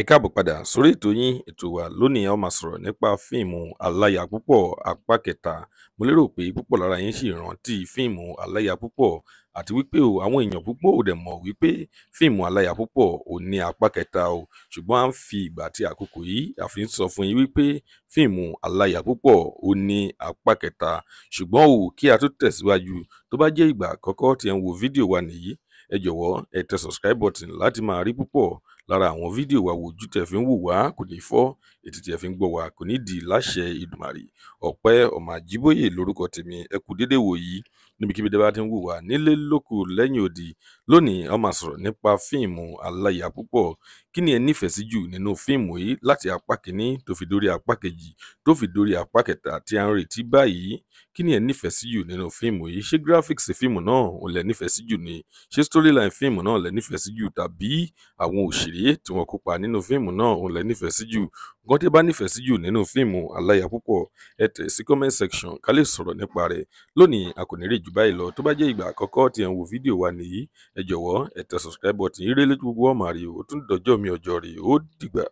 ẹ káàbọ̀ padà sórí ètò yín ètò wa lónìí a máa sọ̀rọ̀ nípa fíìmù aláya púpọ̀ apá kẹta mo lérò pé púpọ̀ lára yín sì rántí fíìmù aláya púpọ̀ àti wípé o àwọn èèyàn púpọ̀ ò dẹ̀ mọ̀ wípé fíìmù aláya púpọ̀ ò ní apá kẹta o ṣùgbọ́n à ń fi ìgbà àti àkókò yìí àfi ń sọ fún yín wípé fíìmù aláya púpọ̀ ò ní apá kẹta ṣùgbọ́n o kí a tó tẹ̀síwájú tó bá jẹ́ ìgbà àkọ́kọ́ tí ẹ ń wo fídíò wa subscribe button láti máa rí lára àwọn fídíò wa wò ojú tẹ̀ fi ń wò wá kò ní fọ́ ètí tẹ̀ fi ń gbọ́ wá kò ní di láṣẹ Èdùmàrè Ọpẹ́ Ọmọ Àjíbóyè lórúkọ tèmi ẹ kú dédé wò yìí níbikíbi tẹ́ bá ti ń wò wá nílé lóko lẹ́yìn odi lónìí a máa sọ̀rọ̀ nípa fíìmù aláya púpọ̀ kí ni ẹ nífẹ̀ẹ́ sí jù nínú fíìmù yìí láti apá kìíní tó fi dórí apá kejì tó fi dórí apá kẹta tí a ń retí báyìí kí ni ẹ nífẹ̀ẹ́ sí jù nínú fíìmù yìí ṣé graphics fíìmù náà ò lẹ nífẹ̀ẹ́ sí jù ni ṣé storyline fíìmù náà lẹ nífẹ̀ẹ́ sí jù tàbí àwọn òṣèré tí wọ́n kópa nínú fíìmù náà ò lẹ nífẹ̀ẹ́ sí jù nǹkan tí ẹ bá nífẹ̀ẹ́ sí jù nínú fíìmù aláya púpọ̀ ẹ tẹ̀ sí comment section ká lè sọ̀rọ̀ nípa rẹ̀ lónìí a kò ní rí jù báyìí lọ tó bá jẹ́ ìgbà àkọ́kọ́ tí ẹ ń wo fídíò wa nìyí ẹ jọ̀wọ́ ẹ tẹ̀ subscribe button eré lójú gbogbo ọmọ rè ó tún dọjọ́ mi ọjọ́ rè ó dìgbà.